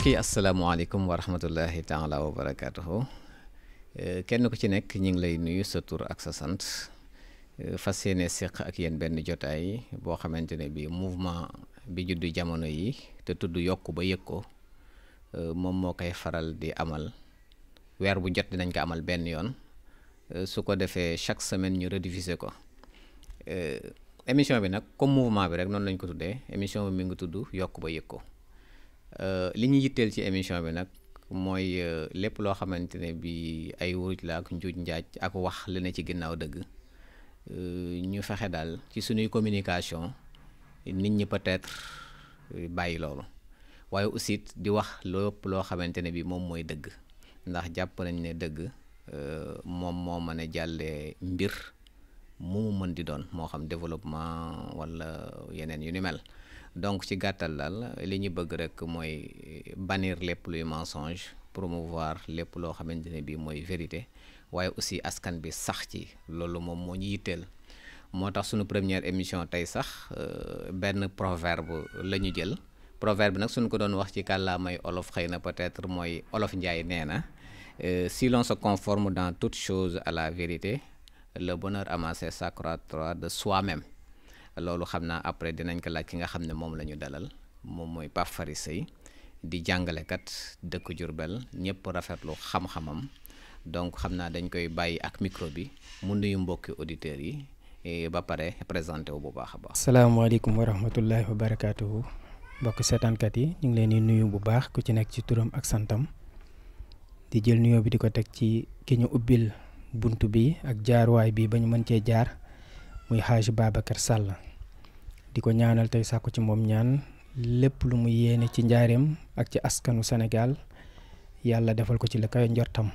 mbokk yi asalaamaaleykum wa rahmatullahi taala wa barakaatuhu eh, kenn ku ci nekk ñu ngi lay nuyu sa tur ak sa sant eh, fas yéene seq ak yenn benn jotaay boo xamante ne bii mouvement bi juddu jamono yi te tudd yokk ba yëg ko eh, moom moo koy faral di amal weer bu jot dinañ ko amal benn yoon su ko defee chaque semaine ñu rediffuser ko émission bi nag comme mouvement bi rek noonu lañ ko tuddee émission bi mi ngi tudd yokk ba yëg ko. Euh, li ñu yitteel ci émission bi nag mooy euh, lépp loo xamante ne bi ay wuruj la ak njuuj njaaj ak wax li ne ci ginnaaw dëgg euh, ñu fexe daal ci suñuy communication nit ñi peut-être bàyyi loolu waaye aussi di wax lépp loo xamante ne bi moom mooy dëgg ndax jàpp nañ ne dëgg moom moo mën a jàllee mbir mu mën di doon moo xam développement walla yeneen yu ni mel donc ci gatal daal li ñu bëgg rek moy bannir lépp luy mensonge promouvoir lépp lo xamante bi moy vérité waye aussi askan bi sax ci loolu mom mo ñu yitteel motax suñu première émission tay sax ben proverbe lañu jël proverbe nak suñu ko doon wax ci may olof xëy peut-être moy olof njaay nee euh, si l'on se conforme dans toute chose à la vérité le bonheur amassé s'accroîtra de soi-même lolu xamna après dinañ ko laaj ki nga xamne mom lañu dalal mom moy pap Fary di di kat dekk Jurbel ñëpp rafetlu xam-xamam donc xamna dañ koy bayyi ak micro bi mu nuyu mbokk auditeur yi ba paré présenté wu bu baax ba assalamu alaykum wa rahmatullahi wa bokk setan kat yi ñing leen nuyu bu baax ku ci nek ci turam ak santam di jël nuyu bi di tek ci ki ñu ubbil buntu bi ak way bi bañu mën ci jaar muy Haji babakar di ñaanal tay sa ko ci mom ñaan lepp lu mu yene ci njaareem ak ci askanu Senegal, yalla defal ko ci le kay njortam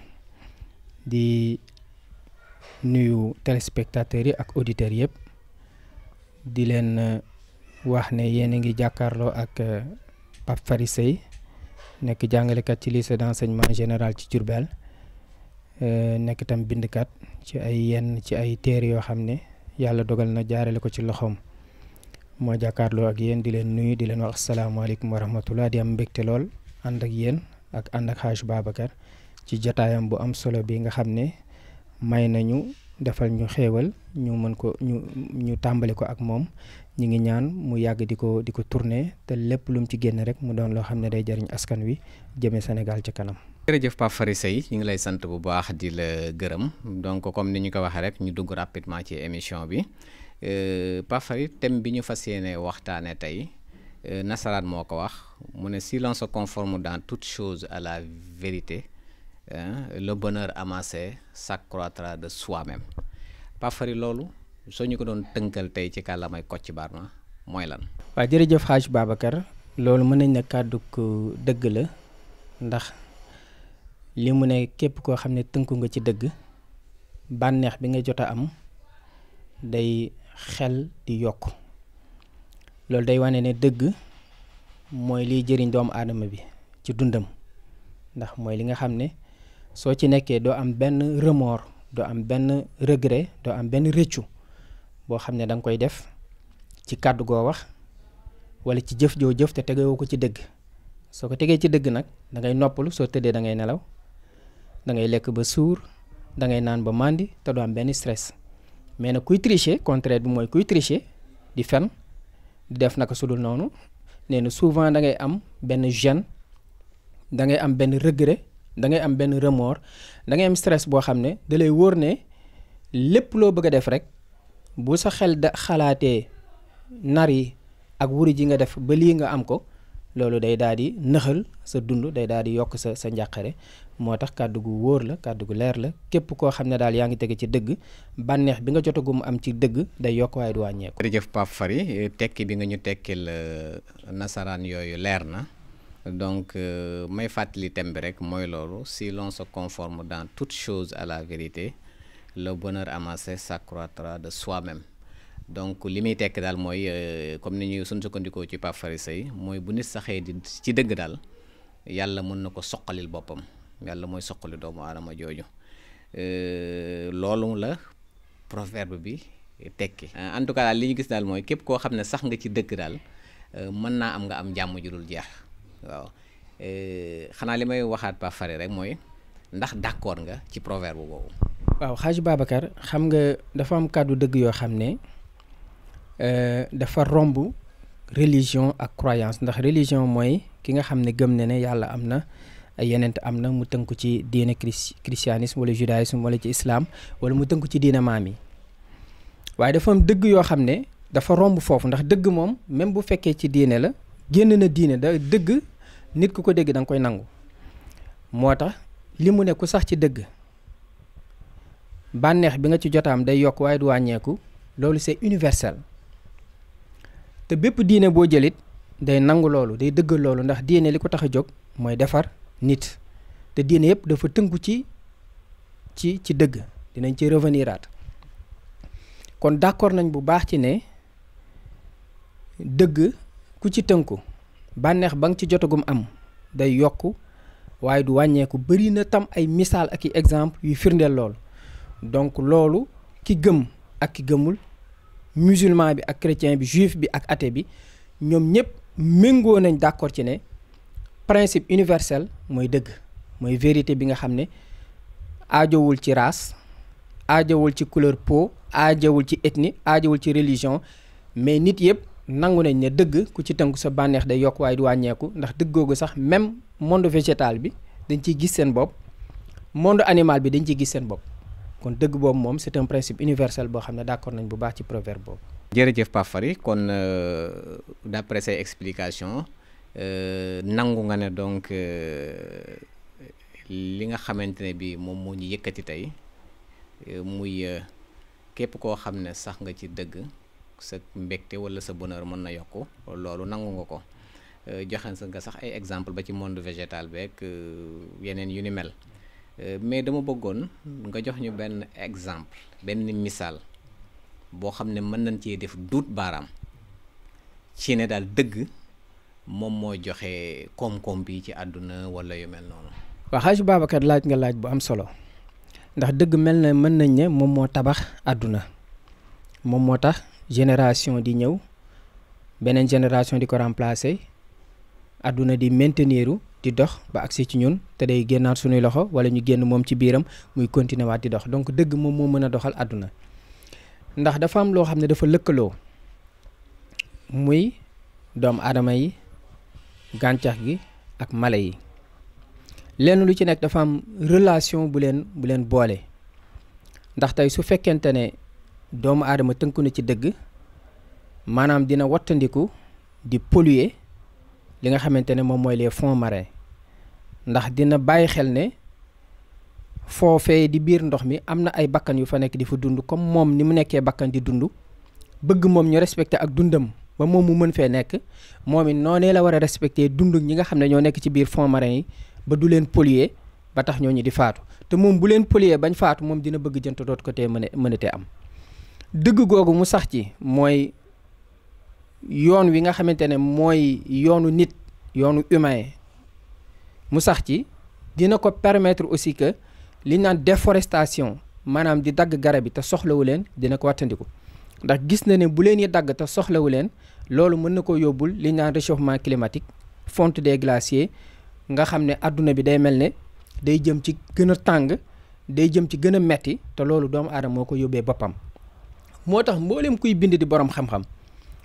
di nuyu téléspectateurs ak auditeurs yeb di len euh, wax ne yene ngi jakarlo ak euh, pap Fary nek jangale kat ci lycée d'enseignement général ci Diourbel euh, nek tam kat ci ay yenn ci ay téere yo xamne ne dogal na jaarale ko ci loxom moo jakarlo ak yeen di len nuyu di len wax alaykum wa rahmatullah di am mbégte lol and ak yeen ak and ak xaaj babakar ci jataayam bu am solo bi nga xamné may nañu defal ñu xéewal ñu mën ko ñu ñu tambalé ko ak mom ñi ngi ñaan mu yàgg di ko di ko tourné te lepp lu mu ci génn rek mu doon lo xamné day jariñ askan wi jëme Sénégal ci kanam. jërëjëf Pape Fary Seye ngi lay sant bu baax di la gërëm donc comme ni ñu ko waxee rek ñu dugg rapidement ci émission bi. Euh, pafari Farid bi ñu fas yéene waxtaane tey euh, nasaraan moo ko wax mu ne si l'on conforme dans tout chose à la vérité le bonheur amassé s'accroîtra de soi-même Pape loolu soo ñu ko doon tënkal tey ci kàllaamay Kocc Barma mooy lan waaw jërëjëf Hadj Babacar loolu mën nañ ne kàddu ko dëgg la ndax li mu ne képp koo xam ne tënku nga ci dëgg bànneex bi nga jot a am day xel di yokk loolu day wane ne dëgg mooy liy jëriñ doomu aadama bi ci dundam ndax mooy li nga xam ne soo ci nekkee doo am benn remords doo am benn regret doo am benn rëccu boo xam ne danga koy def ci kàddu goo wax wala ci jëf joo jëf te tegewoo ko ci dëgg soo ko tegee ci dëgg nag dangay ngay noppalu soo tëddee dangay nelaw dangay lekk ba suur dangay naan ba màndi te doo am benn stress mais nag tricher contraire bi moy kuy tricher di def souvent da ngay am ben gêne da ngay am ben regret da am remords da am stress bo xamné da lay bëgg a def rek bu sa xel da lolu day daal di sa dund day daal yok sa sa njaqare motax kaddu gu wóor la kaddu gu leer la kep ko xamne dal yaangi tege ci deug banex bi nga jotagum am ci deug day yok way du wàññeeku. jërëjëf Pape fari tekki bi nga ñu tekkel euh, nasaraan yoyu leer na donc euh, may fàttali thème rek moy lolu si l'on se conforme dans toute chose à la vérité le bonheur amassé s'accroîtra de soi-même. donc li muy tekk daal mooy euh, comme ni ñuy suñ sukkandikoo ci Pape Faris yi mooy bu nit saxee di ci dëgg daal yàlla mën na ko soqalil boppam yàlla mooy soqali doomu aadama jooju euh, loolu la proverbe bi tekki euh, en tout cas daal li ñu gis daal mooy képp koo xam ne sax nga ci dëgg daal mën naa am nga am jàmm jurul jeex waaw xanaa li may waxaat Pape rek mooy ndax d'accord nga ci proverbe boobu waaw xaaj xam nga dafa am kàddu dëgg yoo xam ne Euh, dafa romb religion ak croyance ndax religion mooy ki nga xam ne gëm na ne yàlla am na ay yenent am na mu tënku ci diine christianisme wala judaïsme walla ci islam wala mu tënku ci diine maam waaye dafa am dëgg yoo xam ne dafa romb foofu ndax dëgg moom même bu fekkee ci diine la génn na diine da dëgg nit ku ko dégg danga koy nangu moo tax li mu ne ku sax ci dëgg bànneex bi nga ci jotaam day yokk waaye du wàññeeku loolu c'est universel te bépp diine boo jëlit day nangu loolu day dëggal loolu ndax diine li ko tax a jóg defar nit te diine yëpp dafa tënku ci ci ci dëgg dinañ ci revenirat kon d'accord nañ bu baax ci ne dëgg ku ci tënku bànneex ba nga ci jotagum am day yokk waaye du wàññeeku bëri na tam ay misaal ak i exemple yu firndeel loolu donc loolu ki gëm ak ki gëmul musulman bi ak chrétien bi juif bi ak athée bi ñoom ñëpp méngoo nañ d'accord ci ne principe universel mooy dëgg mooy vérité bi nga xam ne aajowul ci race aajowul ci couleur peau aajowul ci ethnie aajowul ci religion mais nit yëpp nangu nañ ne dëgg ku ci tënku sa bànneex day yokk waaye du wàññeeku ndax dëggoogu sax même monde végétal bi dañ ciy gis seen bopp monde animal bi dañ ciy gis seen bopp kon dëgg boobu moom c'est un principe universel boo xam ne d'accord nañ bu baax ci proverbe boobu. jërëjëf Pape Fary kon euh, d'après say explications euh, nangu nga ne donc euh, li nga xamante ne bii moom moo ñu yëkkati tey muy képp koo xam ne sax nga ci dëgg sa mbegte wala sa bonneur mën na yokku loolu nangu nga ko joxe nga sax ay exemple ba ci monde végétal beeg yeneen yu ni mel. Euh, mais dama bëggoon nga jox ñu benn exemple benn misaal boo xam ne mën nañ cee def duut baaraam ci ne daal dëgg moom moo joxe koom-koom bi ci àdduna wala yu mel noonu. waaw xaaju Babacar laaj nga laaj bu am solo ndax dëgg mel na mën nañ ne moom moo tabax àdduna moom moo tax génération di ñëw beneen génération di ko remplacer. aduna di maintenir di dox ba agsi ci ñun te day génnaat suñu loxo wala ñu genn mom ci biram muy continuer waat di dox donc deug mom mo mën doxal aduna ndax dafa am lo xamné dafa lekkelo muy dom aadama yi gi ak malay yi lu ci nek dafa am relation bu len bu len bolé ndax tay su né dom ci deug manam dina wattandiku di polluer li nga xamante ne moom mooy les fonds marins ndax dina bàyyi xel ne foofee di biir ndox mi am na ay bakkan yu fa nekk di fa dund comme moom ni mu nekkee bakkan di dund bëgg moom ñu respecté ak dundam ba moom mu mën fee nekk moom it noonee la war a respecté dund ñi nga xam ne ñoo nekk ci biir fonds marin yi ba du leen polluer ba tax ñooñu di faatu te moom bu leen polluer bañ faatu moom dina bëgg jënt doot côté mën mënatee am dëgg googu mu sax ci mooy yoon wi nga xamante ne mooy yoonu nit yoonu humain mu sax ci dina ko permettre aussi que li naan déforestation maanaam di dagg garab yi te soxlawu leen dina ko wattandiku ndax gis na ne bu leen yi dagg te soxlawu leen loolu mën na ko yóbbul li naan réchauffement climatique fonte des glaciers nga xam ne adduna bi day mel ne day jëm ci gën a tàng day jëm ci gën a metti te loolu doomu aadama moo ko yóbbee boppam moo tax mboolem kuy bind di borom xam-xam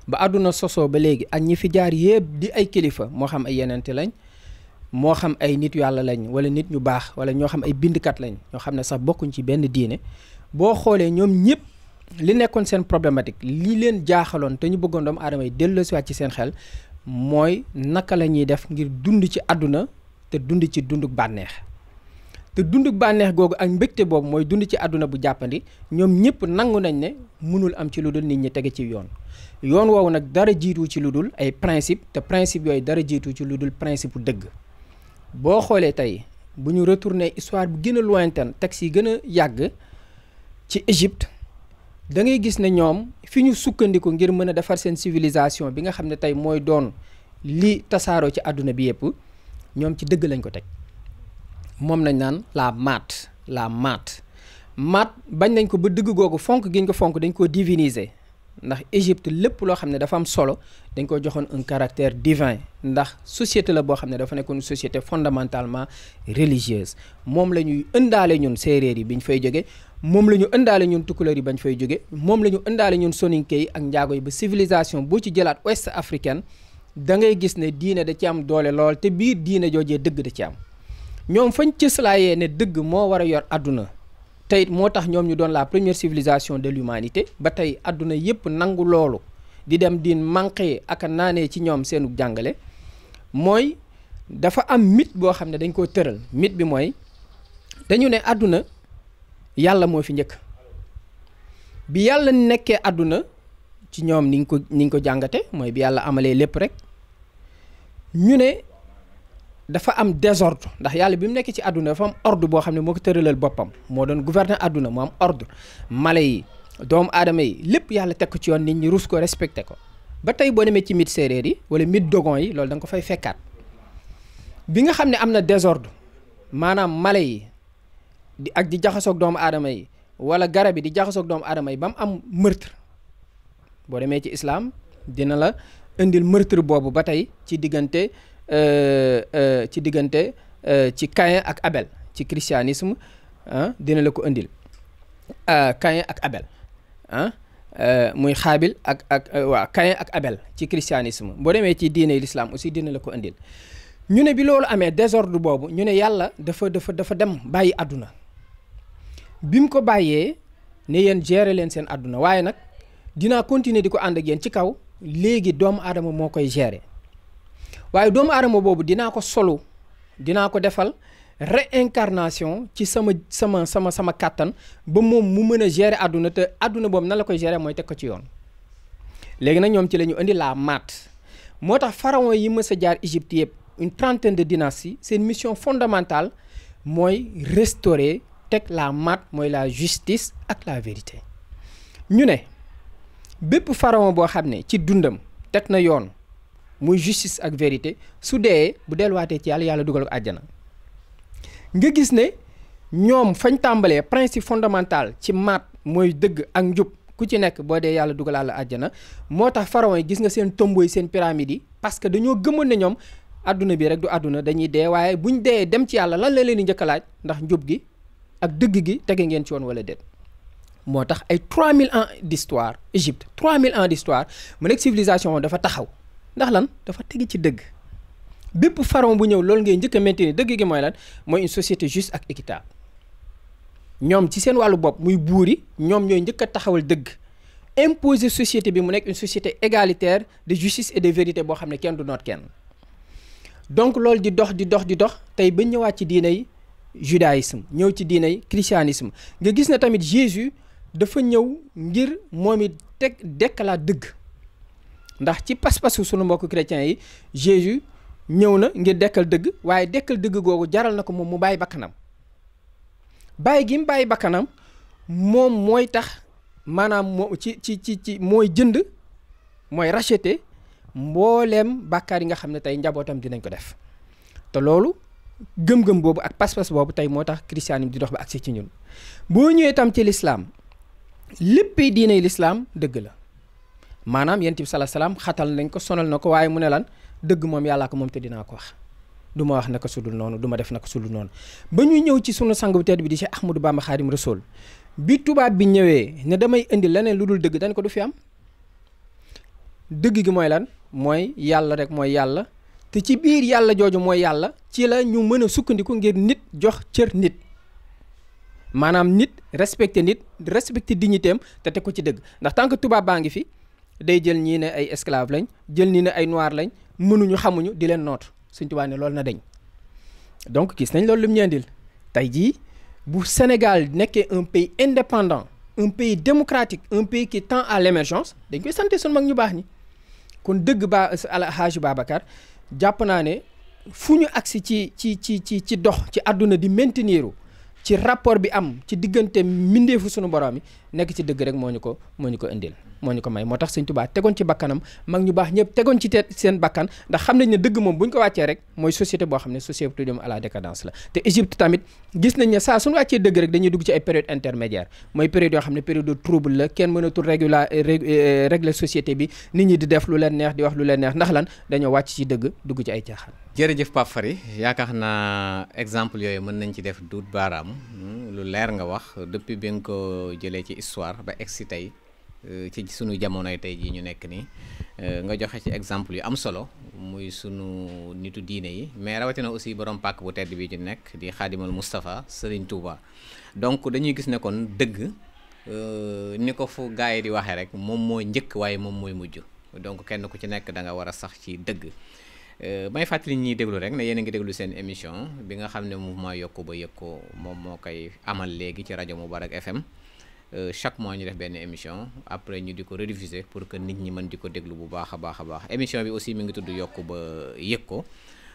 ba àdduna sosoo ba léegi ak ñi fi jaar yëpp di ay kilifa moo xam ay yenente lañ moo xam ay nit yàlla lañ wala nit ñu baax wala ñoo xam ay bindkat lañ ñoo xam ne sax bokkuñ ci benn diine boo xoolee ñoom ñëpp li nekkoon seen problématique li leen jaaxaloon te ñu bëggoon doomu aadama yi delloosiwaat ci seen xel mooy naka la ñuy def ngir dund ci àdduna te dund ci dunduk bànneex te dund bànneex googu ak mbégte boobu mooy dund ci àdduna bu jàppandi ñoom ñëpp nangu nañ ne mënul am ci lu dul nit ñi tege ci yoon yoon woowu nag dara jiitu ci lu dul ay principe te principe yooyu dara jiitu ci lu dul principe dëgg boo xoolee tey bu ñu retourner histoire bu gën a lointaine texte yi gën a yàgg ci Égypte da ngay gis ne ñoom fi ñu sukkandiku ngir mën a defar seen civilisation bi nga xam ne tey mooy doon li tasaaroo ci àdduna bi yëpp ñoom ci dëgg lañ ko teg moom lañu naan la maat la maat maat bañ nañ ko ba dëgg googu fonk giñ ko fonk dañ ko diviniser ndax Égypte lépp loo xam ne dafa am solo dañ ko joxoon un caractère divin ndax société la boo xam ne dafa nekkoon société fondamentalement religieuse moom la ñuy ëndaale ñun séeréer yi bi ñu fay jóge moom la ñu ëndaale ñun bañ fay jóge moom la ñu ëndaale ñun soninke yi ak njaago yi ba civilisation boo ci jëlaat ouest africain da ngay gis ne diine da ci am doole lool te biir diine joojee dëgg da ci am ñoom fañ cëslaayee ne dëgg moo war a yor àdduna tey moo tax ñoom ñu doon la première civilisation de lumanité ba tey àdduna yépp nangu loolu di dem di manqué ak naanee ci ñoom seenu jàngale mooy dafa am mythe boo xam ne dañ koo tëral mythe bi mooy dañu ne àdduna yàlla moo fi njëkk bi yàlla nekkee àdduna ci ñoom niñ ko niñ ko jàngate mooy bi yàlla amalee lépp rek ñu ne dafa am désordre ndax yàlla bi mu nekk ci àdduna fa am ordre boo xam ne moo ko tëralal boppam moo doon gouverner àdduna moo am ordre mala yi doomu aadama yi lépp yàlla tekk ci yoon nit ñi ruus ko respecté ko ba tey boo demee ci mythe séeréer yi wala mythe dogon yi loolu da nga ko fay fekkaat bi nga xam ne am na désorde maanaam mala yi di ak di jaxasoog doomu aadama yi wala garab yi di jaxasoog doomu aadama yi ba mu am meurtre boo demee ci islaam dina la indil meurtre boobu ba tey ci diggante Euh, euh, ci diggante euh, ci Caïn ak Abel ci christianisme ah, dina la ko indil Caïn ak Abel ah muy xaabil ak ak waaw Caïn ak Abel ci christianisme boo demee ci diine lislaam aussi dina la ko indil ñu ne bi loolu amee désordre boobu ñu ne yàlla dafa dafa dafa dem bàyyi àdduna bi mu ko bàyyee ne yéen gérer leen seen àdduna waaye nag dinaa continuer di ko ànd ak yéen ci kaw léegi doomu aadama moo koy gérer. waaye doomu aadama boobu dinaa ko solo dinaa ko defal réincarnation ci sama sama sama sama kàttan ba moom mu mën a gérer àdduna te àdduna boobu nan la koy gérer mooy teg ko ci yoon léegi nag ñoom ci la ñu indi la mat. moo tax pharaon yi mës a jaar Égypte yëpp une trentaine de dynasties une mission fondamentale mooy restaurer teg la mat. mooy la justice ak la vérité ñu ne bépp pharaon boo xam ne ci dundam teg na yoon muy justice ak vérité su dee bu delluwaatee ci yàlla yàlla dugal ko àjjana nga gis ne ñoom fañ tàmbalee principe fondamental ci maat mooy dëgg ak njub ku ci nekk boo dee yàlla dugal la àjjana moo tax pharaon yi gis nga seen tombeau yi seen pyramide yi parce que dañoo gëmoon ne ñoom àdduna bi rek du àdduna dañuy dee waaye buñ dee dem ci yàlla lan la leen di njëkk laaj ndax njub gi ak dëgg gi tege ngeen ci woon wala déet. moo tax ay 3000 ans d'histoire Égypte 3000 ans d'histoire mu nekk civilisation dafa taxaw. ndax lan dafa tege ci dëgg bépp pharaon bu ñëw loolu ngay njëkk a maintenir dëgg gi mooy lan mooy une société juste ak équitable ñoom ci seen wàllu bopp muy buur yi ñoom ñooy njëkk a taxawal dëgg imposer société bi mu nekk une société égalitaire de justice et de vérité boo xam ne kenn du noot kenn donc loolu di dox di dox di dox tey ba ñëwaat ci diinay judaïsme ñëw ci diinay christianisme nga gis ne tamit Jésus dafa ñëw ngir moom it teg dekk dëgg ndax ci pas-pasu sunu mbokk chrétiens yi Jésus ñëw na ngir dekkal dëgg waaye dekkal dëgg googu jaral na ko moom mu bàyyi bakkanam bàyyi gi mu bàyyi bakkanam moom mooy tax maanaam moo ci ci ci ci mooy jënd mooy racheter mbooleem bàkkaar yi nga xam ne tey njabootam dinañ ko def te loolu gëm-gëm boobu ak pas-pas boobu tey moo tax christianisme di dox ba agsi ci ñun boo ñëwee tam ci lislaam lépp diiney lislaam dëgg la maanaam yonent bi sala salaam xatal nañ ko sonal na ko waaye mu ne lan dëgg moom yàllaa ko moom te dinaa ko wax du ma wax naka sudul noonu duma ma def naka sudul noonu ba ñu ñëw ci sunu sang bu tedd bi di Cheikh Ahmadou Bamba Xaadim Rasul bi tubaab bi ñëwee ne damay indi leneen lu dul dëgg dañ ko du fi am dëgg gi mooy lan mooy yàlla rek mooy yàlla te ci biir yàlla jooju mooy yàlla ci la ñu mën a sukkandiku ngir nit jox cër nit maanaam nit respecté nit respecté dignitéem te teg ko ci dëgg ndax que tubaab baa ngi fi day jël ñii ne ay esclave lañ jël ñii ne ay noir lañ mënuñu xamuñu di leen noot Sëñ Tuubaa ne loolu na dañ donc gis nañ loolu lim ñu indil tey jii bu Sénégal nekkee un pays indépendant un pays démocratique un pays qui tend à l'émergence dañ koy sant suñu mag ñu baax ni kon dëgg ba euh, Alaaji Babacar jàpp naa ne fu ñu agsi ci ci ci ci ci dox ci àdduna di maintenir ci rapport bi am ci diggante mbindeefu sunu borom yi nekk ci dëgg rek moo ñu ko moo ñu ko indil moo ñu ko may moo tax sëñ Tuubaa tegoon ci bakkanam mag ñu baax ñëpp tegoon ci seen bakkan ndax xam nañ ne dëgg moom bu ñu ko wàccee rek mooy société boo xam ne société dem à la décadence la te Égypte tamit gis nañ ne saa suñu wàccee dëgg rek dañuy dugg ci ay période intermédiaire mooy période yoo xam ne période de trouble la kenn mënatul régula euh, régler société bi nit ñi di def lu leen neex di wax lu leen neex ndax lan dañoo wàcc ci dëgg dugg ci ay caaxaan jërëjëf Pape Fary yaakaar naa exemple yooyu mën nañ ci def duut baaraam hmm, lu leer nga wax depuis bi ko jëlee ci histoire ba egsi tey euh, ci sunu jamono tay ji ñu nekk nii euh, nga joxe ci exemple yu am solo muy sunu nitu diine yi mais na aussi borom pak bu tedd bi nekk di khadimul mustafa Serigne Touba donc dañuy gis ne kon deug euh niko fu gaay di waxe rek mom moy njëkk waye mom moy mujj donc kenn ku ci nekk da nga wara sax ci euh may fatali ñi déglu rek ne yéen a ngi déglu seen émission bi nga xam mouvement yokku ba yekko mom mo kay amal legi ci radio mubarak FM. Euh, chaque mois ñu def une émission après ñu di pour que nit ñi mën di déglu bu baax a baax a émission bi aussi mi ngi tudd yokk ba yëg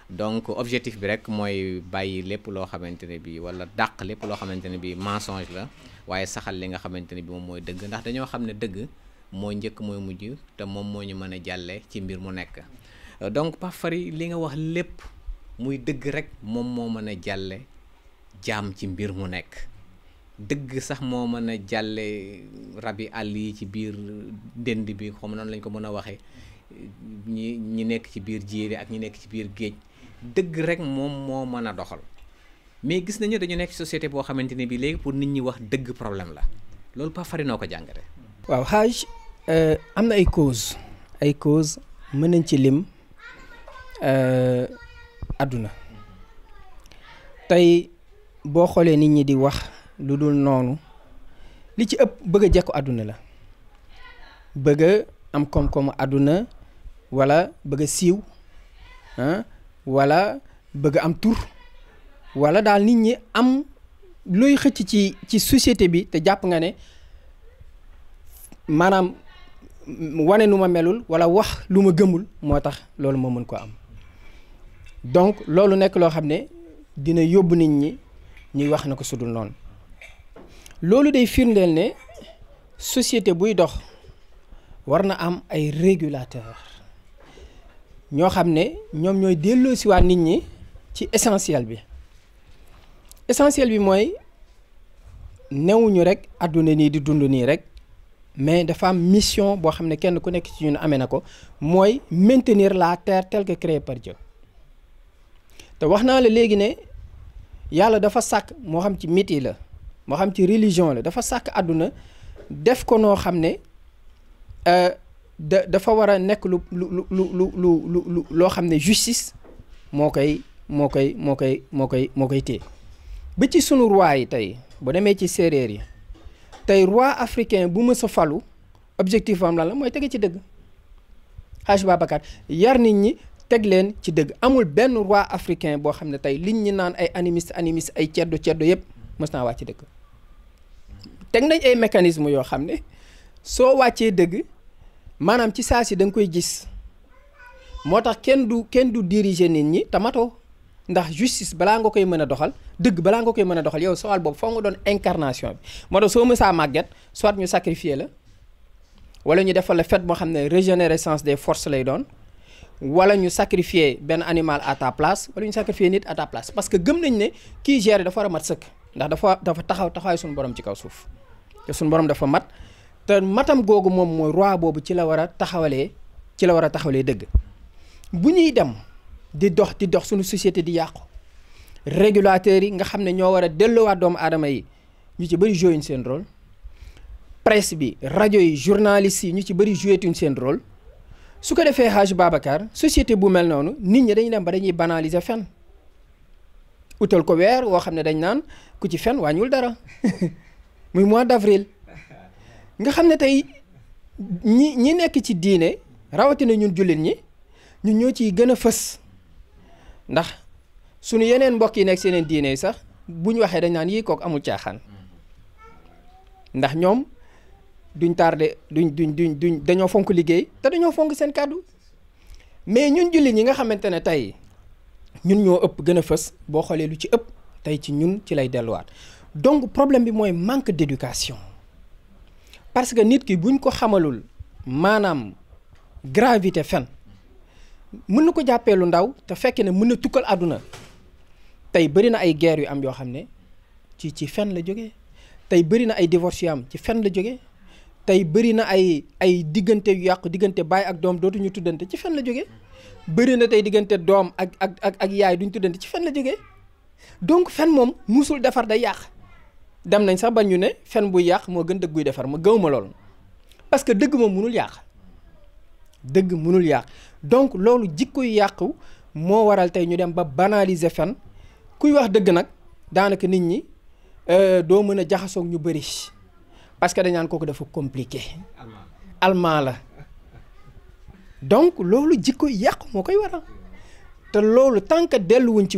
donc objectif bi rek mooy bàyyi lépp loo xamante bi wala lépp bi mensonge la saxal li nga bi dëgg ndax dañoo dëgg ñu ci mbir mu euh, donc li nga wax lépp muy dëgg rek ci deug sax mo meuna jalle rabi Ali cibir ci bir dënd bi xom ma lañ ko meuna waxe ñi ñi nek ci bir jéeri ak ñi nek ci bir geej deug rek moom mo meuna doxal mais gis nañu dañu nek société bo xamanteni bi léegi pour nit ñi wax deug problème la loolu pa fari ko jangare waaw haaj euh amna ay cause ay cause mën ci lim aduna euh, tay bo xolé nit ñi di wax lu dul noonu li ci ëpp bëgg a jekku àdduna la bëgg a am koom-koomu àdduna wala bëgg a siiw ah wala bëgg am tur wala daal nit ñi am looy xëcc ci ci société bi te jàpp nga ne maanaam wane nu ma melul wala wax lu ma gëmul moo tax loolu moo mën ko am donc loolu nekk loo xam ne dina yóbbu nit ñi ñuy wax na ko sudul noonu loolu day firndeel ne société buy dox war na am ay régulateurs ñoo xam ne ñoom ñooy delloosiwaat nit ñi ci essentiel bi essentiel bi mooy newuñu rek àdduna nii di dund nii rek mais dafa am mission boo xam ne kenn ku nekk ci ñun amee na ko mooy maintenir la terre telle que créée par Dieu te wax naa la léegi ne yàlla dafa sàkk moo xam ci métier la moo xam ci religion la dafa sàkk àdduna def ko noo xam ne euh, dafa war a nekk lu lu lu lu lu lu loo xam ne justice moo koy moo koy moo koy moo koy moo koy téye ba ci sunu roi yi tey bu demee ci séeréer yi tey roi africain bu mës a falu objectif am lan la mooy tege ci dëgg Haji Babacar yar nit ñi teg leen ci dëgg amul benn roi africain boo xam ne tey liñ ñi naan ay animiste animiste ay ceddo ceddo yëpp mës naa wàcc ci dëgg teg nañ ay mécanisme yoo xam ne soo wàccee dëgg maanaam ci saa si da nga koy gis moo tax kenn du kenn du diriger nit ñi tamatoo ndax justice balaa nga koy mën a doxal dëgg balaa nga koy mën a doxal yow sowal boobu foo nga doon incarnation bi moo tax soo mësaa màgget soit ñu sacrifier la wala ñu defal la fête boo xam ne régénérescence des force lay doon wala ñu sacrifier benn animal à ta place wala ñu sacrifier nit à ta place parce que gëm nañ ne kii gère dafa a mat sëkk ndax dafa dafa taxaw taxawaay suñu ci kaw suuf te suñu borom dafa mat te matam googu moom mooy roi boobu ci la war a taxawalee ci la war a taxawalee dëgg bu ñuy dem di dox di dox suñu société di yàqu régulateurs yi nga xam ne ñoo war a delloowaat doomu aadama yi ñu ci bëri joué seen rôle presse bi rajo yi journalistes yi ñu ci bëri joué tuñ seen rôle su ko defee Haj Babacar société bu mel noonu nit ñi dañu dem ba dañuy banaliser fen wutal ko weer woo xam ne dañ naan ku ci fen waa ñuul dara muy mois d'avril nga xamne tay ñi ñi nekk ci rawati na ñun jullit ñi ñun ñoo ci gëna fess ndax suñu yeneen mbokk yi nekk seen diiné sax buñ waxee dañ naan yi kok amul caaxaan ndax ñom duñ tardé duñ duñ duñ duñ dañoo fonk liggéey té dañoo fonk seen cadeau mais ñun jullit ñi nga xamantene tay ñun ñoo ëpp gëna fess bo xolé lu ci ëpp tay ci ñun ci lay donc problème bi le manque d'éducation parce que nit ki buñ ko xamalul manam gravité fen mën ko ndaw te ne mën tukal aduna tay na ay guerre yu am yo xamné ci ci fen la tay ay divorce yu am ci fen la na ay ay digënté yu yaq digënté bay ak dootu ñu tuddante ci la na ak ak ak yaay duñ tuddante ci la donc fen mom musul dem nañ sax ba ñu ne fen bu yàq mo gën dëgg buy defar ma gëwuma lool parce que dëgg mo mënul yàq dëgg mënul yàq donc loolu jikko yu yàqu moo waral tay ñu dem ba banaliser fen kuy wax dëgg nak daanaka nit ñi euh do mëna jaxasoog ñu bëri parce que dañ naan kooku dafa compliqué. allemand la donc loolu jikko yu yàqu moo koy waral te loolu tant que delluwuñ ci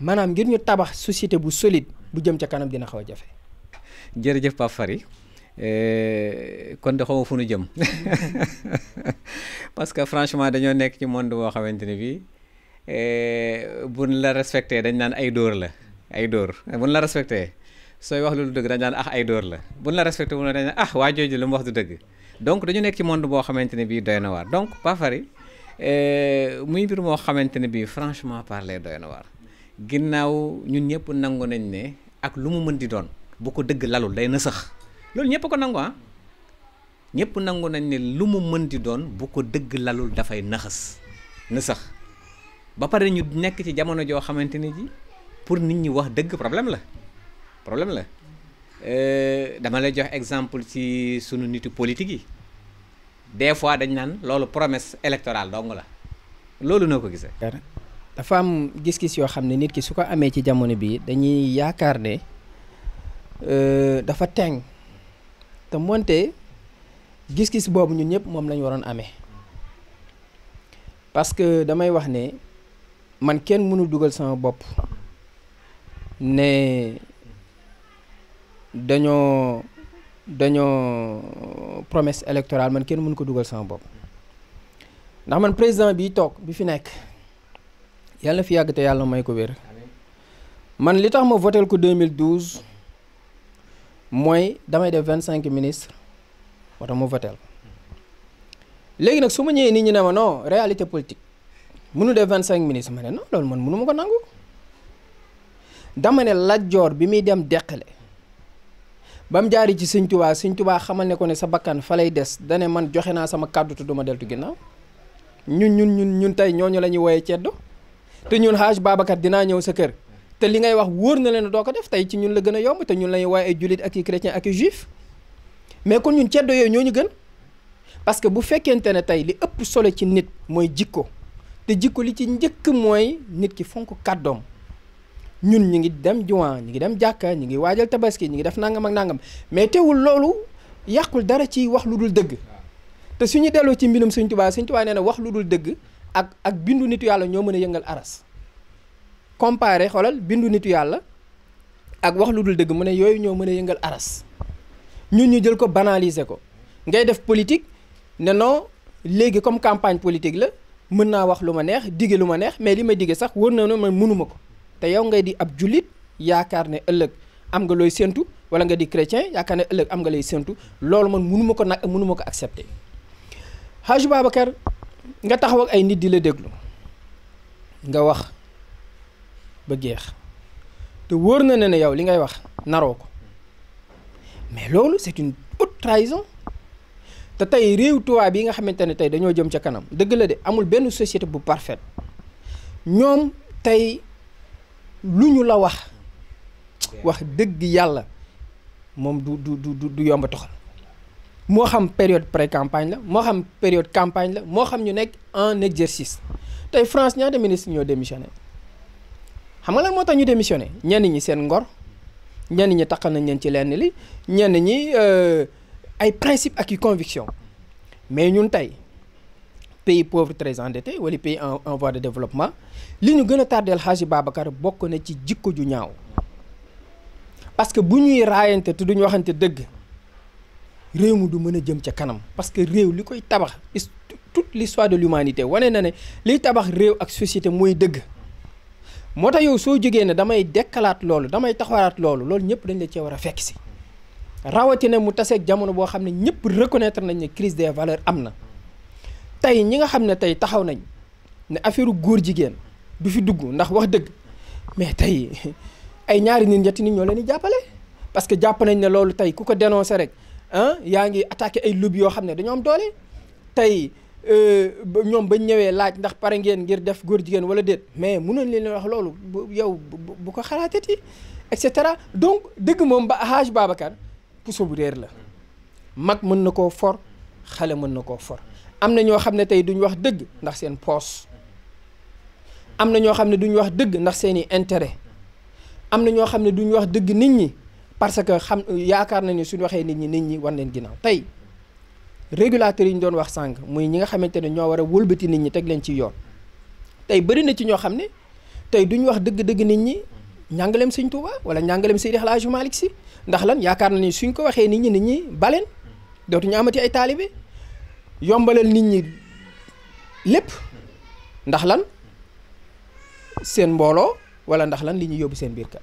manam ngir ñu tabax société bu solide. bu jëm ca kanam dina xaw a jafe. jërëjëf Pape Fary eh, kon de xaw ma fu nu jëm parce que franchement dañoo nekk ci monde boo xamante ne bii eh, buñ la respecté dañ naan ay dóor la ay dóor buñ la respecté sooy wax loolu dëgg dañ naan ah ay dóor la buñ la respecté buñ la dañ naan ah waa jooju lu mu wax du dëgg donc dañu nekk ci monde boo xamante ne bii doy na waar donc Pape Fary eh, muy mbir moo xamante ne bii franchement parler doy na waar. ginnaaw ñun ñëpp nangu nañ ne ak lu mu mën di doon bu ko dëgg lalul day nësax loolu ñëpp ko nangu ah ñëpp nangu nañ ne lu mu mën di doon bu ko dëgg lalul dafay naxas nësax ba pare ñu nekk ci jamono joo xamante ne ji pour nit ñi wax dëgg problème la problème la euh, dama lay jox exemple ci sunu nitu politique yi des fois dañ naan loolu promesse électorale dong la loolu noo ko gisee. dafa am gis-gis yoo xam ne nit ki su ko ci jamono bi dañuy yaakaar ne euh, dafa teng te moonte gis-gis boobu ñun ñëpp moom lañ waroon amee parce que damay wax ne man kenn mënul dugal sama bopp ne dañoo dañoo promesse électorale man kenn mënu ko dugal sama bopp ndax man président bi toog bi fi nekk yàlla fi yàgg te yàlla may ko wér man li tax ma voteel ko 2012 mooy damay de vingt cinq ministres moo tax ma léegi nag su ma ñëwee nit ñi ne ma non réalité politique mënu def vingt cinq ministres ma ne non loolu man mënu ma ko nangu dama ne Lat Joor bi muy dem deqale ba jaari ci Sëñ Tuubaa Sëñ Tuubaa xamal ne ko ne sa bakkan fa lay des danee man joxe naa sama kàddu te duma deltu ginnaaw ñun ñun ñun ñun tey ñooñu la ñuy woyee ceddo te ñun xaaj baabakat dinaa ñëw sa kër te li ngay wax wóor na leen doo ko def tey ci ñun la gën a yomb te ñun lañuy waaye ay jullit ak i chrétien ak i juif mais kon ñun ceddo yooyu ñoo ñu gën parce que bu fekkente ne tey li ëpp solo ci nit mooy jikko te jikko li ci njëkk mooy nit ki fonk kàddoom ñun ñu ngi dem juwaan ñu ngi dem jàkka ñu ngi waajal tabaski ñu ngi def nangam ak nangam mais teewul loolu yàqul dara ci wax lu dul dëgg te suñu delloo ci mbirum Sëñ Tuubaa Sëñ Tuubaa nee na wax lu dul dëgg ak ak bindu nitu yalla ñoo mën yëngal aras comparé xolal bindu nitu yalla ak wax lu dul dëgg mu ne yëngal aras ñun ñu jël ko banaliser ko ngay def politique né non légui comme campagne politique la mën wax luma neex dige luma neex mais limay ma sax wër na non mënuma ko yow ngay di ab julit yaakar né ëlëk am nga loy sentu wala nga di chrétien yaakar né ëlëk am nga lay sentu loolu man mënuma ko nag accepter Haji Babakar nga taxaw ak ay nit di la déglu nga wax ba jeex te wóor na ne ne yow li ngay wax naroo ko mais loolu c'est une haute trahison te tey réew tubaab bi nga xamante ne tey jëm ca kanam dëgg la de amul benn société bu parfaite ñoom tey lu ñu la wax wax dëgg yàlla moom du du du du yomba toxal moo xam période pré campagne la moo xam période campagne la moo xam ñu nekk en exercice tey France ñaata ministre ñoo démissionné xam nga lan moo tax ñu démissionné ñenn ñi seen ngor ñenn ñi taqal nañ leen ci lenn li ñenn ñi euh, ay principe ak conviction mais ñun tey pays pauvre très endetté wala pays en en voie de développement li ñu gën a tardeel Hadji Babacar bokk na ci jikko ju ñaaw parce que bu ñuy raayante te duñ waxante dëgg réew du parce que réew toute l'histoire de l'humanité na né li tabax société moy deug mota yow so jogé né damay vous damay vous ñëpp dañ la vous wara mu que jamono reconnaître nañ crise des valeurs amna ñi nga ne taxaw nañ né affaire goor jigen fi ndax wax mais tay ay ñaari nit nit ñoo parce que japp nañ yaa ngi attaqué ay lobby yoo xam ne dañoo am doole tey euh, ñoom bañ ñëwee laaj ndax pare ngeen ngir def góor jigéen wala déet mais mun mënoon leen wax loolu bu yow bu ko xalaatati et cetera donc dëgg moom ba Haaj Babacar puso bu réer la mag mën na koo for xale mën na koo for am na ñoo xam ne tey duñ wax dëgg ndax seen poos am na ñoo xam ne duñ wax dëgg ndax seen i intérêt am na ñoo xam ne duñ wax dëgg nit ñi parce que xam yaakaar nañu suñu waxee nit ñi nit ñi wan leen ginnaaw tey régulateurs yi ñu doon wax sànq muy ñi nga xamante ne ñoo war a wëlbati nit ñi teg leen ci yoon tey bëri na ci ñoo xam ne tey duñu wax dëgg-dëgg nit ñi njàngaleem Sëñ Tuuba wala njàngaleem Seydi El Hadji Malick Si ndax lan yaakaar nañu suñ ko waxee nit ñi nit ñi baleen dootuñu amati ay taalibe yombalal nit ñi lépp ndax lan seen mbooloo wala ndax lan li ñuy yóbbu seen biir kër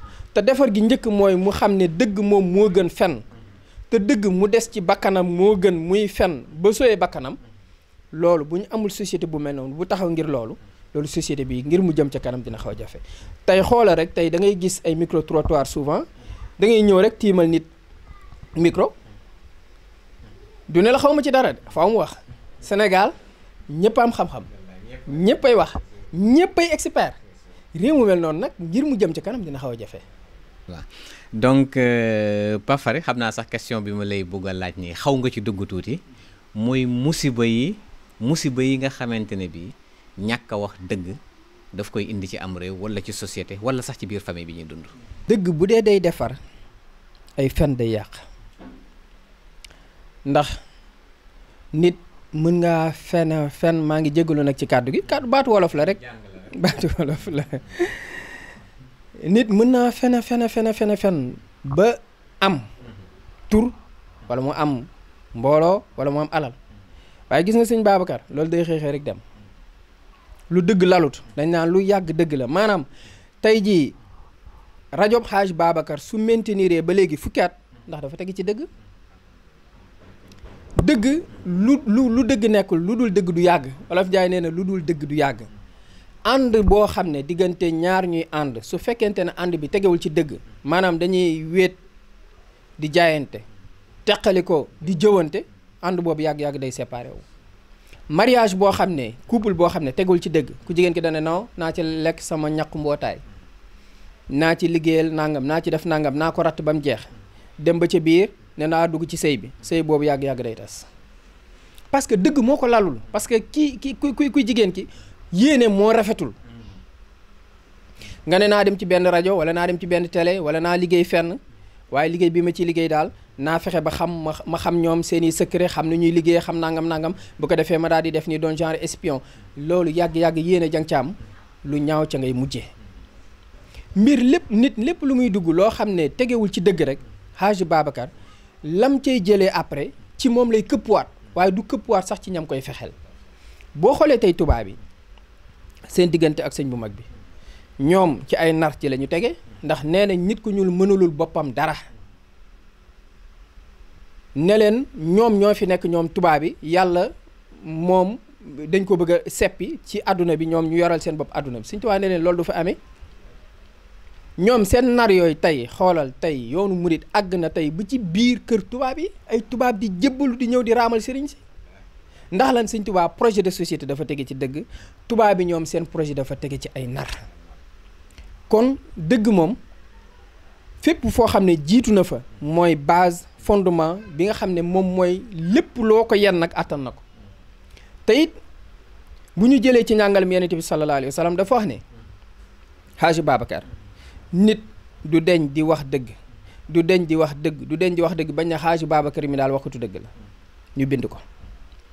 te defar gi njëkk mooy mu xam ne dëgg moom moo gën fen te dëgg mu des ci bakkanam moo gën muy fen ba sooyee bakkanam loolu bu ñu amul société bu mel noonu bu taxaw ngir loolu loolu société bii ngir mu jëm ci kanam dina xaw a jafe tey xoola rek tey da ngay gis ay micro trottoir souvent da ngay ñëw rek tiimal nit micro du ne la xaw ma ci dara de faaw mu wax Sénégal ñëpp am xam-xam ñëpp ay wax ñëpp ay expert réew mu mel noonu nag ngir mu jëm ci kanam dina xaw a jafe. waaw donc euh, Pafare xam naa sax question bi ma lay bëgg a laaj nii xaw nga ci dugg tuuti mooy musiba yi musiba yi nga xamante ne bii ñàkk a wax dëgg daf koy indi ci am réew walla ci societé walla sax ci biir famille bi ñuy dund. dëgg bu dee day defar ay fen day yàq ndax nit mën ngaa fen fen maa ngi jégalu nag ci kàddu gi kàddu baatu wolof la rek. baatu wolof la. nit mën naa fen fen fen fen fen ba am tur walla mu am mbooloo wala mu am alal waaye gis nga sëñ Babacar loolu day xëy xëy rek dem lu dëgg lalut dañ naan lu yàgg dëgg la maanaam tey jii rajo xaaj Babacar su maintenir ba léegi fukki at ndax dafa teg ci dëgg dëgg lu lu lu dëgg nekkul lu dul dëgg du yàgg Wolof jaay nee na lu dul dëgg du yàgg. ànd boo xam ne diggante ñaar ñuy ànd su fekkente ne ànd bi tegewul ci dëgg maanaam dañuy wéet di jaayante teqali ko di jëwante ànd boobu yàgg-yàgg day séparé wu mariage boo xam ne couple boo xam ne tegul ci dëgg ku jigéen ki dane naw naa ci lekk sama ñàkk mbootaay naa ci liggéeyal nangam naa ci def nangam naa ko ratt ba mu jeex dem ba ca biir ne naa dugg ci sëy bi sëy boobu yàgg-yàgg day tas parce que dëgg moo ko lalul parce que ki ku kuy jigéen ki yéene moo rafetul nga ne naa dem ci benn rajo wala naa dem ci benn tele wala naa liggéey fenn waaye liggéey bi ma ci liggéey daal naa fexe ba xam ma ma xam ñoom seeni secret xam ni ñuy liggéey xam nangam nangam bu ko defee ma daal di def ni doon genre espion loolu yàgg-yàgg yéene jang caam lu ñaaw ca ngay mujjee mbir lépp nit lépp lu muy dugg loo xam ne tegewul ci dëgg rek Haji Babacar lam cay jëlee après ci moom lay këppuwaat waaye du këppuwaat sax ci ñam koy fexeel boo xoolee tey tubaab bi seen digënté ak sëñ bu mag bi ñom ci ay nar ci lañu téggé ndax néna nit ku ñul mënulul bopam dara ne leen ñoom ñoo fi nek ñom tuba bi yalla mom dañ ko bëgg a seppi ci aduna bi ñom ñu yoral seen bop aduna bi sëñ tuba ne leen loolu du fa amé ñom seen nar yoy tay xolal tay yoonu mourid àgg na bu ci biir kër tuba bi ay tuba di jébbalu di ñëw di sëriñ si ndax lan sëñ Tuubaa projet de société dafa tege ci dëgg tubaab bi ñoom seen projet dafa tege ci ay nar kon dëgg moom fépp foo xam ne jiitu na fa mooy base fondement bi nga xam ne moom mooy lépp loo ko yen nag attan na ko te it bu ñu jëlee ci njàngalem Yonent bi sallallahu alayhi dafa wax ne Haji Babacar nit du deñ di wax dëgg du deñ di wax dëgg du deñ di wax dëgg bañ na Haji Babacar mi daal waxatu dëgg la ñu bind ko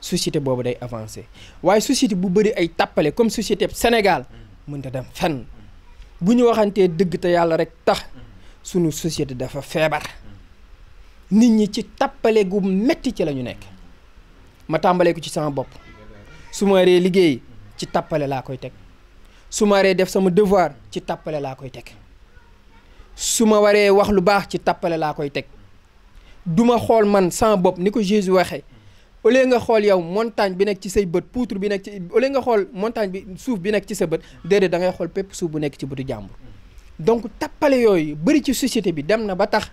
société boobu day avancé waaye société bu bëri ay tappale comme société Sénégal mënta dem fenn bu ñu waxantee dëgg te yàlla rek tax sunu société dafa feebar nit ñi ci tàppale gu metti ci la ñu nekk ma tàmbalee ko ci sama bopp su ma waree liggéey ci tappale laa koy teg su ma waree def sama devoir ci tàppale laa koy teg su ma waree wax lu baax ci tappale laa koy teg duma xool man sama bopp ni ko Jésus waxee au nga xool yow montagne bi nekk ci say bët poutre bi nekk ci au nga xool montagne bi suuf bi nekk ci sa bët déedéet da ngay xool pépp suuf bu nekk ci bëtu jàmbur donc tappale yooyu bëri ci société bi dem na ba tax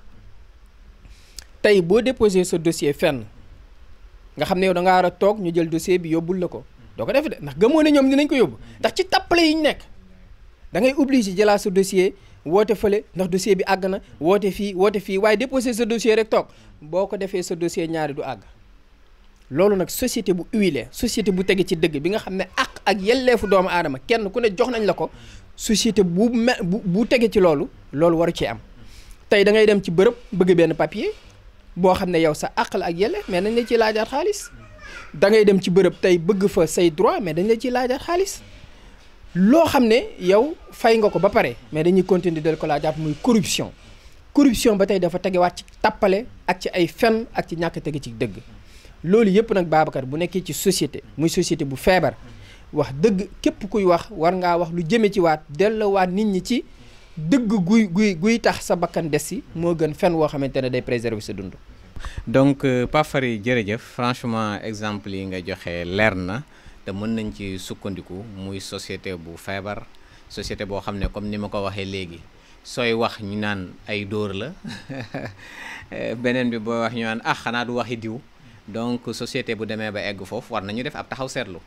tey boo déposé sa dossier fenn nga xam ne yow da nga war a toog ñu jël dossier bi yóbbul la ko doo ko def de ndax gëmoo ne ñoom dinañ ko yóbbu ndax ci tappale yi ñu nekk dangay oblige obligé sa dossier woote fële ndax dossier bi àgg na woote fii woote fii waaye déposé sa dossier rek toog boo ko defee sa dossier ñaari du àgg loolu nag société bu huilée société bu tege ci dëgg bi nga xam ne àq ak yelleefu doomu aadama kenn ku ne jox nañ la ko société bu me bu bu tege ci loolu loolu waru ci am tey da ngay dem ci bërëb bëgg benn papier boo xam ne yow sa àq la ak yelleef mais nañ la ciy laajaat xaalis da ngay dem ci bërëb tey bëgg fa say droit mais dañ la ciy laajaat xaalis loo xam ne yow fay nga ko ba pare mais dañuy continuer del ko laajaat muy corruption corruption ba tey dafa tegewaat ci tappale ak ci ay fen ak ci ñàkk tege ci dëgg loolu yëpp nag baabakat bu nekkee ci société muy société bu feebar wax dëgg képp kuy wax war ngaa wax lu jëme ci waat delloowaat nit ñi ci dëgg guy guy guy tax sa bakkan des si moo gën fenn woo xamante ne day préserver sa dund. donc euh, Pape Fary jërëjëf franchement exemple yi nga joxe leer na te mën nañ ci sukkandiku muy société bu feebar société boo xam ne comme ni ma ko waxee léegi. sooy wax ñu naan ay dóor la beneen bi booy wax ñu naan ah xanaa du waxi diw donc société bu demee ba egg foofu war nañu def ab taxaw seetlu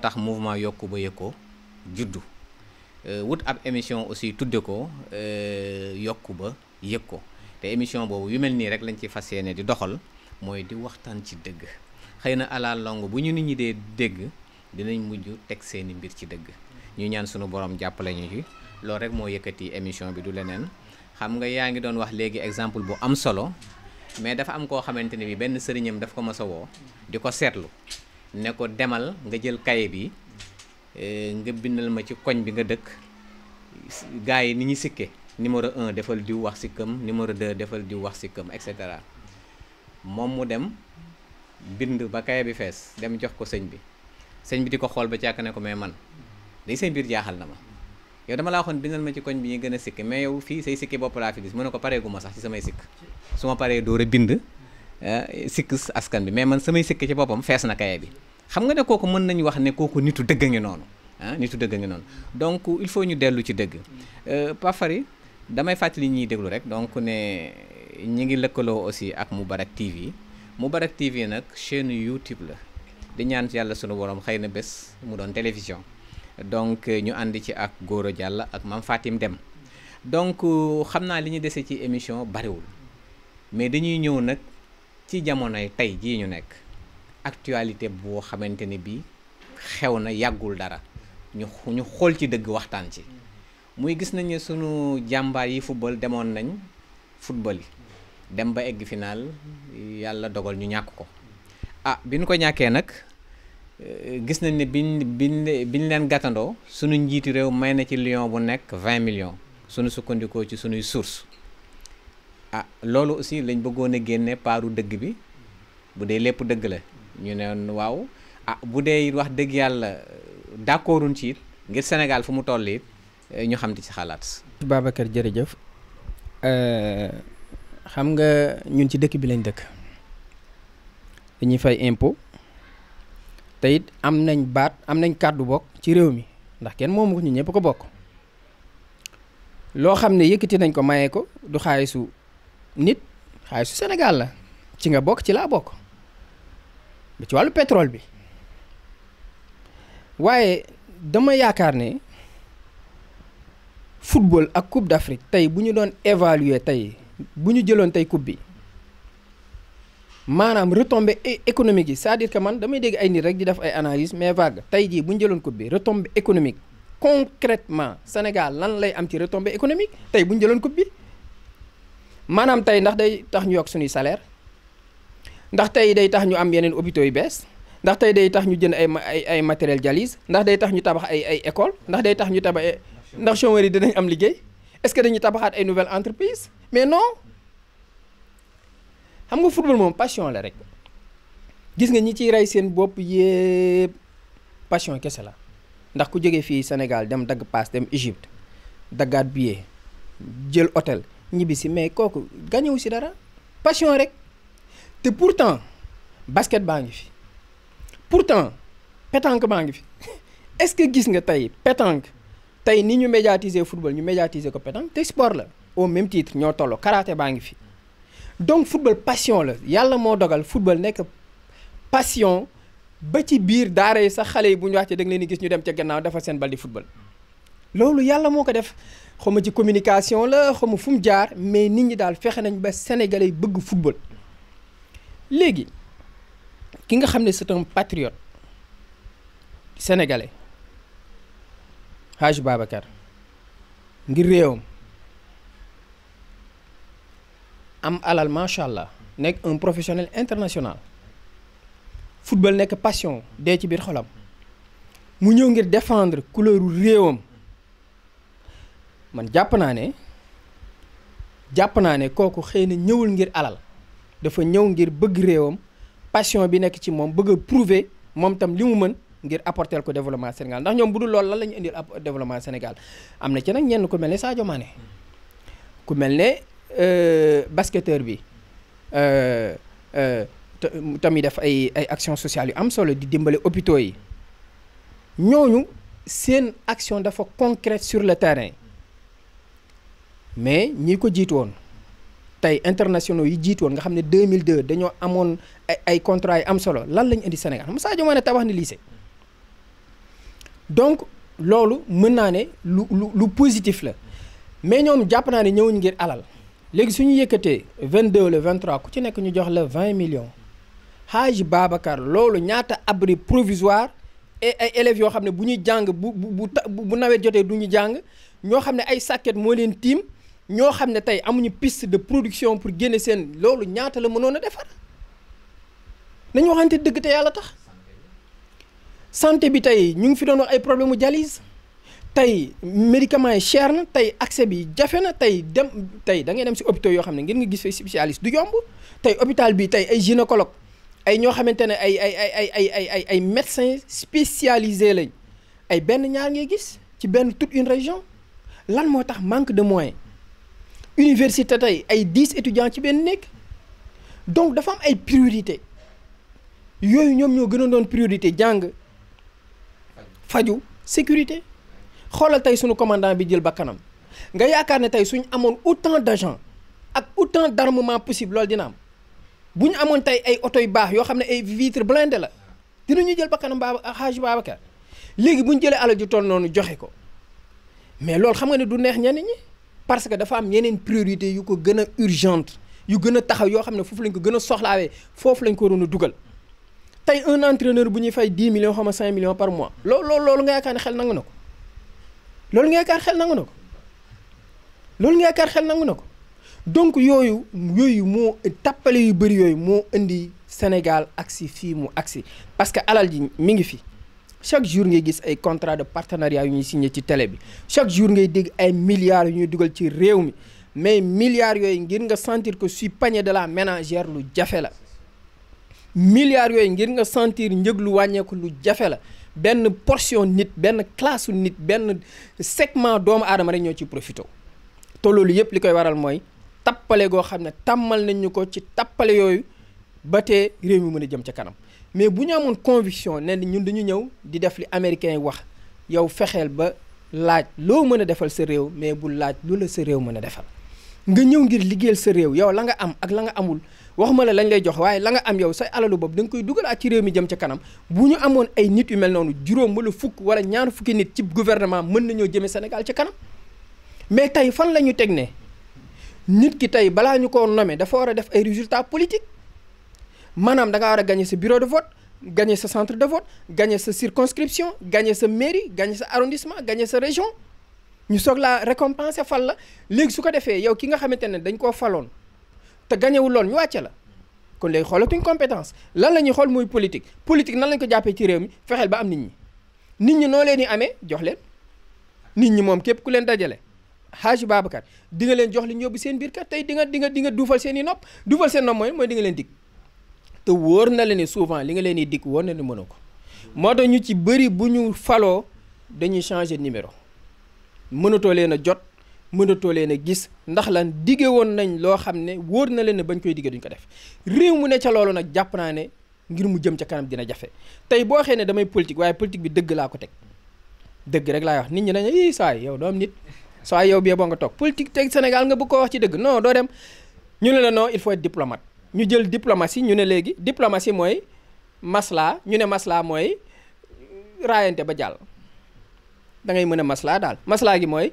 tax mouvement yokku ba yëkkoo juddu euh, wut ab émission aussi tudde ko euh, yokku ba yëg ko te émission boobu yu mel nii rek lañ ci fas di doxal mooy di waxtaan ci na la nit ñi dee dégg dinañ mujj teg seeni mbir ci dëgg ñu ñaan sunu borom jàppale ci rek exemple bu am solo mais dafa am ko xamanteni bi benn serignam daf ko mos wo diko di ne ko demal nga jël cahier bi eh, nga bindal ma ci koñ bi nga dëkk gaay ni ñi sikke numéro 1 defal di wax sikkam numéro 2 defal di wax sikkam et cetera mom mu dem bind ba cahier bi fess dem jox ko señ bi señ bi di xol ba ci ak ne ko mais man day seen bir jaaxal na ma yow dama laa waxoon bindal ma ci koñ bi ñu gën a sikki mais yow fii say sikki bopp laa fi gis mu ne ko paree gu ma sax ci samay sikk su ma paree door a bind eh, sikk askan bi mais man samay sikk ci boppam fees na kaye bi xam nga ne kooku mën nañu wax ne kooku nitu dëgg ngi noonu ah nitu dëgg ngi noonu donc il faut ñu dellu ci dëgg euh, Pafari damay fàttali ñuy déglu rek donc ne ñi ngi lëkkaloo aussi ak mu Moubarak TV Moubarak TV nag chaîne YouTube la di ñaan yàlla sunu borom xëy na bés mu doon télévision donc euh, ñu ànd ci ak Gora jàll ak man Fatim Dem donc euh, xam naa li ñu dese ci émission bariwul mais dañuy ñëw nag ci jamonoy tey jii ñu nekk actualité boo xamante ni bii xew na yàggul dara ñu xool ci dëgg waxtaan ci muy gis nañ ne sunu jàmbaar yi football demoon nañ football yi dem ba egg final yàlla dogal ñu ñàkk ko ah bi ñu ko ñàkkee nag. gis nañ ne biñ bi biñ leen gàttandoo sunu njiitu réew may na ci lion bu nekk vingt million sunu sukkandikoo ci sunuy source a ah, loolu aussi lañ bëggoon a génne paaru dëgg bi bu dee lépp dëgg la ñu ne waaw a ah, bu dee wax dëgg yàlla d'accorduñ ci it ngir senegal fu mu toll it ñu xam ci xalaat. Babacar jërëjëf euh, xam nga ñun ci dëkk bi lañ dëkk dañuy fay impôt. te it am nañ baat am nañ kàddu bokk ci réew mi ndax kenn moomu ko ñu ñëpp ko bokk loo xam ne yëkkati nañ ko maye ko du xaalisu nit xaalisu Sénégal la ci nga bokk ci laa bokk ba ci wàllu pétrole bi waaye dama yaakaar ne football ak coupe d'Afrique tey bu ñu doon évaluer tey bu ñu jëloon tey coupe bi manam retombée économique c'est-à-dire que man damay dégg ay nit rek di def ay analyse mais vague tay ji buñ ñu coupe bi retombée économique concrètement Sénégal lan lay am ci retombée économique tay buñ ñu coupe bi manam tay ndax day tax ñu yok suñu salaire ndax tay day tax ñu am yeneen hôpitaux yu bees ndax tay day tax ñu jënd ay ay ay matériel dialyse ndax day tax ñu tabax ay ay école ndax day tax ñu tabax ndax chômeur yi dinañ am liggéey est-ce que dañu tabaxaat ay nouvelles entreprises mais non xam nga football moom passion la rek gis nga ñi ciy rey seen bopp yëpp passion kese la ndax ku jógee fii Sénégal dem dagg paas dem Égypte daggaat billet jël hôtel ñibbi si mais kooku gañewu si dara passion rek te pourtant basket baa ngi fi pourtant pétanque baa ngi fi est-ce que gis nga tey pétanque tey ni ñu médiatiser football ñu médiatiser ko pétanque te sport la au même titre ñoo tolloo karaté baa ngi fi donc football passion la football nek passion ba ci biir daara yi sax xale yi bu ñu gis ñu dem ca gannaaw defal seen di football. loolu yàlla moo ko def xaw ci communication la xaw fu mu jaar mais nit ñi nañ ba sénégalais football léegi ki nga xam c'est un patriote sénégalais Babacar ngir am alal machallah nek un professionnel international football que passion de ci bir xolam mu ngir défendre couleuru réewam man japp naa ne jàpp naa ne kooku ngir alal dafa ñëw ngir bëgg réewam passion bi nek ci mom bëgg prouver mom tam limu mën ngir apporter ko développement Sénégal ndax ñom bu lool lan lañu développement Sénégal amna ci nak ñenn ku melni Sadio Mané ku melni euh, basketteur bi euh, euh, tammi def ay ay action sociale yu am solo di dimbali hôpitaux yi ñooñu seen action dafa concrète sur le terrain mais ñi ko jiit woon tey internationaux yi jiit woon nga xam ne 2002 dañoo amoon ay ay contrats yu am solo lan lañ indi Sénégal xam Sadio Mané tabax lycée donc loolu mën naa ne lu lu lu positif la mais ñoom jàpp naa ne ñëwuñ ngir alal léegi su 22 le 23 ku ci 20 millions Nous Babakar, loolu ñaata abri provisoire et élèves ont bu bu ont piste de production pour génne sen loolu ñaata la mënoon a defar nañu ils dëgg te yàlla tax santé bi ont ñu ngi fi doon dialyse tay médicaments yi cher na tay accès bi jafe na dem tay da ngay dem ci hôpitaux yoo xam ne ngeen nga gis fay spécialiste du yomb tay hôpital bi tay ay gynécologue ay ñoo xamante ne ay ay ay ay ay ay ay médecins spécialisés lañ ay benn ñaar ngay gis ci benn toute une région lan moo tax manque de moyens université tey ay dix étudiants ci benn nekk donc dafa am ay priorité yooyu ñoom ñoo gën a doon priorité jàng faju sécurité xoolal tey suñu commandant bi jël ba kanam nga yaakaar ne tey suñ autant d'agents ak autant d'armement possible loolu dina am bu ñu amoon tey ay oto yu baax yoo xam ne ay vitre blindée la dinañu jël ba kanam baaba xaaj Babacar léegi bu ñu jëlee ju toll noonu ko mais loolu xam nga ne du neex ñeneen ñi parce que dafa am yeneen priorité yu ko gën urgente yu gëna taxaw yo xam fofu lañ ko gëna soxlaawé fofu lañ ko waroon duggal tay un entraîneur bu ñuy fay 10 millions xaw 5 millions par mois. loolu loolu loolu nga yaakaar xel nangu na ko. loolu nga yaakaar xel nangu na ko loolu nga yaakaar xel nangu na ko donc yooyu yooyu moo tappale yu bëri yooyu moo indi Sénégal agsi fii mu agsi parce que alal ji mi ngi fi chaque jour ngay gis ay contrat de partenariat yu ñuy signé ci télé bi chaque jour ngay dégg ay milliards yu ñuy dugal ci réew mi mais milliards yooyu ngir nga sentir que suy panier de la ménagère lu jafe la milliards yooyu ngir nga sentir njëg lu wàññeeku lu jafe la benn portion nit benn classe nit benn segment doomu aadama rek ñoo ci profité te loolu yëpp li koy waral mooy tappale goo xam ne tàmmal nañ ñu ko ci tappale yooyu ba te réew mi mën a jëm ca kanam mais bu ñu amoon conviction ne ñun dañu ñëw di def li américain yi wax yow fexeel ba laaj loo mën a defal sa réew mais bu laaj lu la sa réew mën a defal nga ñëw ngir liggéeyal sa réew yow la nga am ak la nga amul waxuma la lañ lay jox waaye la nga am yow sa alalu boobu danga nga koy dugalaat ci réew mi jëm ca kanam bu ñu amoon ay nit yu mel noonu juróom wala fukk wala ñaar fukki nit ci gouvernement mën nañoo jëme Sénégal ca kanam mais tey fan la ñu teg ne nit ki tey balaa ñu ko nommer dafa war a def ay résultats politiques maanaam danga nga war a gagner sa bureau de vote gagner sa centre de vote gagner sa circonscription gagner sa mairie gagner sa arrondissement gagner sa région ñu soog laa récompenser la léegi su ko defee yow ki nga xamante ne dañ koo faloon te gañewul loon ñu wàcce la kon léegi xoolatuñ compétence lan lañu xol xool muy politique politique nan lañ ko jappé ci réew mi fexel ba am nit ñi nit ñi no leen di amé jox leen nit ñi mom képp ku leen dajalé xaaju Babacar di nga leen jox li ñu seen bir kat tay di nga di nga di nga duufal seen nop nopp duufal seen nopp moy moy di nga leen dik te woor na leen ne souvent li nga leen di dig wóor na ne mënoo ko moo tax ñu ci bëri buñu falo dañuy changer numéro mënatoo leen a jot. mënatoo leen a gis ndax lan dige woon nañ loo xam ne wóor na leen ne bañ koy dige duñ ko def réew mu ne ca loolu nag jàpp naa ne ngir mu jëm ca kanam dina jafe tey boo xee ne damay politique waaye politique bi dëgg laa ko teg dëgg rek laay wax nit ñi dañu saa yow doo nit saa yow bee boo nga toog politique teg Sénégal nga bëgg koo wax ci dëgg non doo dem ñu ne la non il faut être ñu jël diplomatie ñu ne léegi diplomatie mooy maslaa ñu ne maslaa mooy raayante ba jàll dangay mën a maslaa daal maslaa gi mooy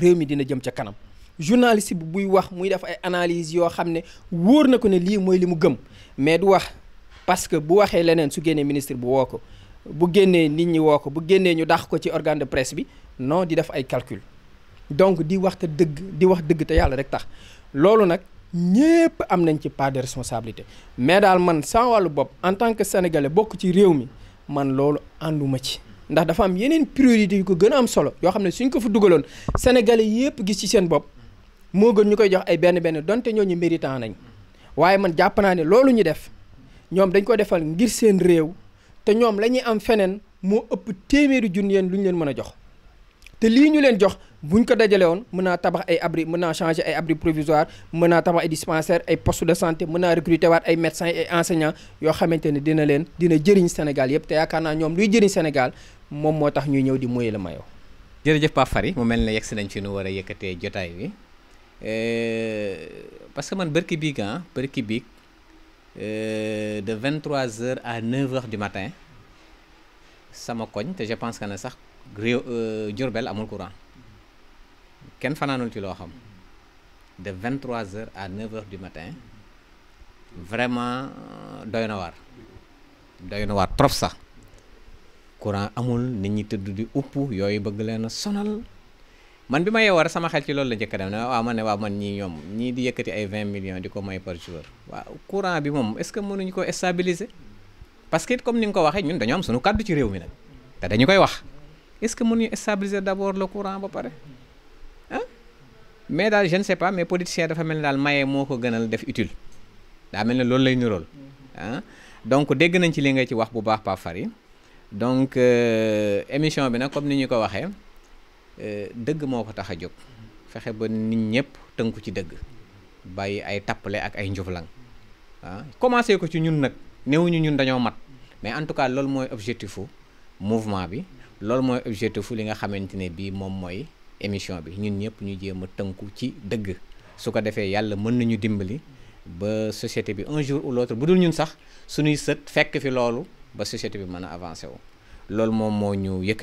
réew mi dina jëm ca kanam journaliste bi buy wax muy def ay analyse yoo xam ne wóor na ko ne lii mooy li mu gëm mais du wax parce que bu waxee leneen su génnee ministre bu woo ko bu génnee nit ñi woo ko bu génnee ñu dàq ko ci organe de presse bi non di def ay calcul donc di wax te dëgg di wax dëgg te yàlla rek tax loolu nag ñépp am nañ ci pas de responsabilité mais daal man sans wàllu bopp en tant que sénégalais bokk ci réew mi man loolu ànduma ci ndax dafa am yeneen priorité yu ko gën a am solo yoo xam ne suñ ko fa dugaloon sénégalais yëpp gis ci seen bopp moo gën ñu koy jox ay benn benn donte ñooñu méritant nañ waaye man jàpp naa ne loolu ñu def ñoom dañ ko defal ngir seen réew te ñoom la ñuy am feneen moo ëpp téeméeri junni yéen lu ñu leen mën a jox te lii ñu leen jox ñu ko dajale woon mën naa tabax ay abri mën naa changer ay abri provisoire mën naa tabax ay dispensaire ay post de santé mën naa recruter waat ay médecins ay enseignants yoo xamante ne dina leen dina jëriñ Sénégal yëpp te yaakaar naa ñoom luy jëriñ Sénégal moom moo tax ñuy ñëw di moye la mayo jërëjëf pa Fary mu mel ne yegg si nañ fi nu war a yëkkatee jotaay bi euh, parce que man bërki biig ah bërki biig euh, de 23h à 9h du matin sama koñ te je pense que ne sax réew euh, Diourbel amul courant kenn fanaanul ci loo xam de 23h à 9h du matin vraiment doy na war doy na war trop sax. courant amul nit ñi tëdd di upp yooyu bëgg leen a sonal man bi ma yeewar sama xel ci loolu la njëkk a dem ne waaw man ne waaw man ñii ñoom ñii di yëkkati ay 20 millions di ko may par jour waaw courant bi moom est-ce que mënuñu ko stabiliser parce que comme ni nga ko waxee ñun dañoo am suñu kàddu ci réew mi nag te dañu koy wax est-ce que mënuñu stabiliser d'abord le courant ba pare ah mais daal je ne sais pas dafa mel ni daal maye moo ko gënal def utile daa mel ne loolu lay nirool ah donc dégg nañ ci lii nga ci wax bu baax Pape Fary donc euh, émission bi nag comme ni ñu ko waxee euh, dëgg moo ko tax a jóg fexe ba nit ñëpp tënku ci dëgg bàyyi ay tappale ak ay njuflang ah commencé ko ci ñun nag newuñu ñun dañoo mat mais en tout cas loolu mooy objectifu mouvement bi loolu mooy objectifu li nga xamante ne bii moom mooy émission bi ñun ñëpp ñu jéem a tënku ci dëgg su ko defee yàlla mën nañu dimbali ba société bi un jour ou l'autre bu dul ñun sax suñuy sët fekk fi loolu ba société bi avancer. a avancé wu loolu moom ñu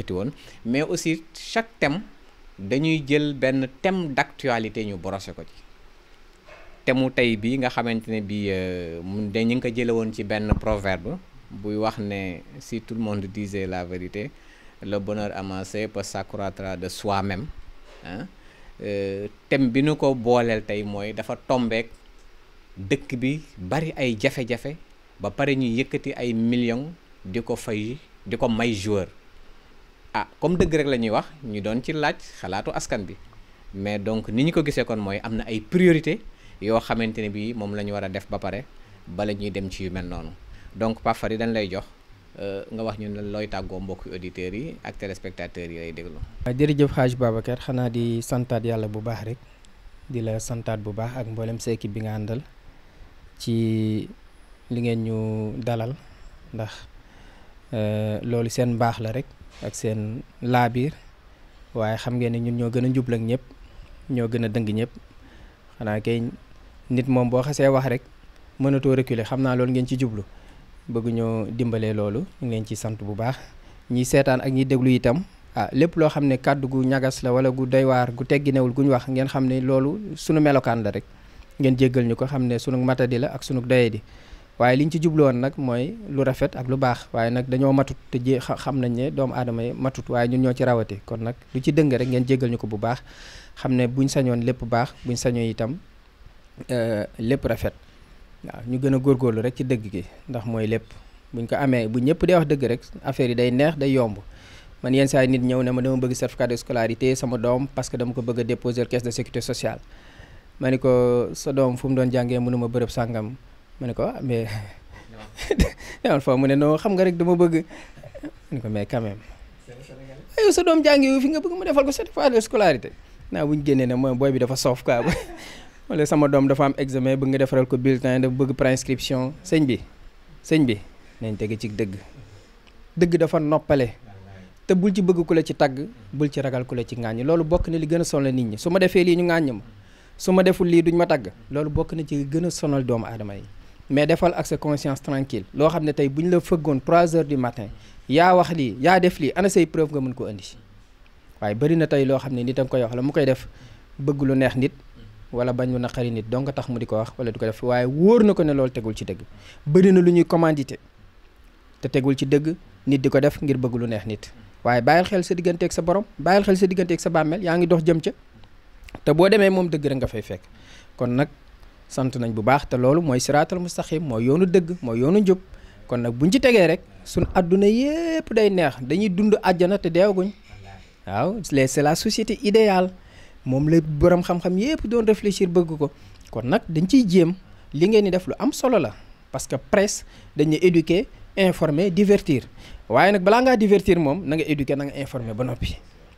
mais aussi chaque thème dañuy jël ben thème d'actualité ñu brosser ko ci thème mu tey nga xamante bi bii mun de ñu ngi ci proverbe buy wax ne si tout le monde disait la vérité le bonheur amassé peut s'accroître de soi-même hein euh, thème bi nu ko booleel tay moy dafa tomber dëkk bi bari ay jafé jafé ba pare ñu yëkkati ay millions di ko fay di ko may joueur ah comme dëgg rek la ñuy wax ñu doon ci laaj xalaatu askan bi mais donc ni ñu ko gisee kon mooy am na ay priorité yoo xamante ne bii moom la ñu war a def ba pare bala ñuy dem ci yu mel noonu donc Pape dañ lay jox euh, nga wax ñu looy tàggoo mbokki auditeurs yi ak téléspectateurs yi lay déglu. jërëjëf Hadj Babacar xanaa di santaat yàlla bu baax rek di la santaat bu baax ak mboolem sa équipe bi nga àndal li ngeen ñu dalal ndax euh, loolu seen baax la rek ak seen laabiir waaye xam ngeen ne ñun ñoo gën a njublag ñëpp ñoo gën a dëng ñëpp xanaa kay nit moom boo xasee wax rek mënatoo reculer xam naa loolu ngeen ci jublu bëgg ñoo dimbalee loolu ñu ngeen ci sant bu baax ñi seetaan ak ñi déglu itam ah lépp loo xam ne kàddu gu ñagas la wala gu doy waar gu tegginewul guñ wax ngeen xam ne loolu sunu melokaan la rek ngeen jéggal ñu ko xam ne sunu matadi la ak sunu di waaye li liñ ci jubluwoon nag mooy lu rafet ak lu baax waaye nag dañoo matut te jé xam nañ ne doomu aadama yi matut waaye ñun ñoo ci rawati kon nag lu ci dëng rek ngeen jéggal ñu ko bu baax xam ne bu ñu sañoon lépp baax buñ sañoo itam euh, lépp rafet waaw ñu gën a góor góorgóorlu rek ci dëgg gi ndax mooy lépp buñ ko amee bu ñëpp dee wax dëgg rek affaire yi day neex day yomb man yenn saa nit ñëw ne ma dama bëgg certificat de scolarité sama doom parce que dama ko bëgg a déposer caisse de ma ni ko sa doom fu mu doon jàngee mënuma bërëb sàngam ma ne ko ah mais demal foofu mu ne noo xam nga rek dama bëgg ma ne ko mais quand même ah, sa doom jàngi fi nga bëgg mu defal ko certificat de scolarité naa bu ñu génnee ne mooy booy bi dafa soof quoi wala sama doom dafa am examen bëgg nga defaral ko bulletin dafa bëgg préinscription sëñ bi sëñ bi nañ tege ci dëgg dëgg dafa noppale te bul ci bëgg ku la ci tagg bul ci ragal ku la ci ŋàññi loolu bokk na li gën a sonal nit ñi su ma defee lii ñu ŋàññ ma su ma deful lii duñ ma tagg loolu bokk na ci gën a sonal doomu aadama yi mais defal ak sa conscience tranquille lo xam tay tey bu ñu la fëggoon 3 heures du matin ya wax li ya def li ana say preuve nga mën ko andi waye bari na tay lo xam nit dang koy wax la mu koy def bëgg lu neex nit wala bañ lu naqari nit donc tax mu diko wax wala diko def waye woor na ko ne loolu tegul ci dëgg bari na lu ñuy commandité te tegul ci dëgg nit diko def ngir bëgg lu neex nit waye bayal xel sa ak sa borom bayal xel sa ak sa bammel ya ngi dox jëm ci te bo démé mom dëgg rek nga fay fekk kon nak sant nañ bu baax té loolu moy siraatal mustaqim moy yoonu deug moy yoonu njub kon nak buñ ci tegee rek sun aduna yépp day neex dañuy dund aljana té deewaguñ waaw c'est la société idéale mom lay borom xam-xam yépp doon réfléchir bëgg ko kon nak dañ ciy jëm li ngeen ni def lu am solo la parce que presse dañu éduquer informer divertir waye nak bala nga divertir mom, na nga éduquer na nga informer ba nopi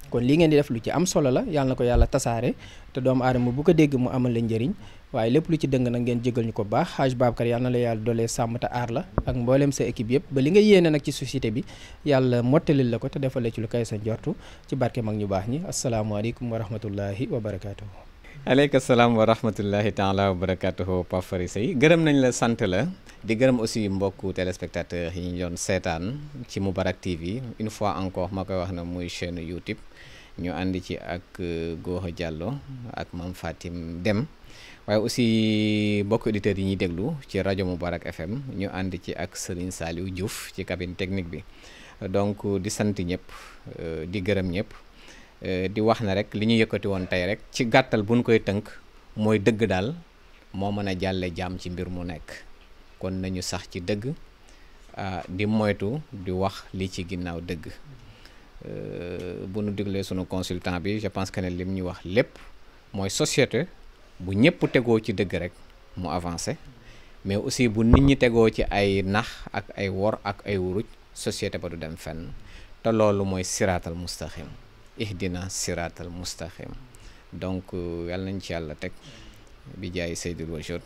kon li ngeen di def lu ci am solo la yàlla na ko yàlla tasaare te doomu aadama bu ko dégg mu amal la njëriñ waaye lépp lu ci dëng nag ngeen jégal ñu ko baax xaaj Babacar yàlla na la yàlla dolee sàmm te aar la ak mboolem sa équipe yëpp ba li nga yéene nag ci société bi yàlla mottalil la ko te defalee ci lu kay sa njortu ci barke ak ñu baax ñi asalaamaaleykum wa rahmatullahi wa barakaatu. aleyka salaam wa rahmatullahi taala wa barakatuhu Pape Fary Seye gërëm nañ la sant la di gërëm aussi mbokku téléspectateurs yi ñu doon seetaan ci Moubarak TV une fois encore ma koy wax na muy chaîne YouTube ñu ànd ci ak euh, Gora Diallo ak Mame Fatim Dem waaye aussi mbokk auditeurs yi ñuy déglu ci rajo Moubarak FM ñu ànd ci ak Serigne Saliou Diouf ci cabine technique bi donc di sant ñëpp euh, di gërëm ñëpp Euh, di wax na rek li ñu yëkkati woon tey rek ci gàttal buñ koy tënk mooy dëgg daal moo mën a jàlle jaam ci mbir mu nekk kon nañu sax ci dëgg euh, di moytu di wax li ci ginnaaw dëgg euh, bu nu diglee sunu consultant bi je pense que ne lim ñu wax lépp mooy société bu ñëpp tegoo ci dëgg rek mu avancé mais aussi bu nit ñi tegoo ci ay nax ak ay wor ak ay wuruj société ba du dem fenn te loolu mooy siraatal mustaxim ihdina siraatal mustaqim donc yàlla nañ ci àlla teg bi jaay saydul wajud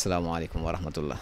salaamaaleykum wa rahmatullah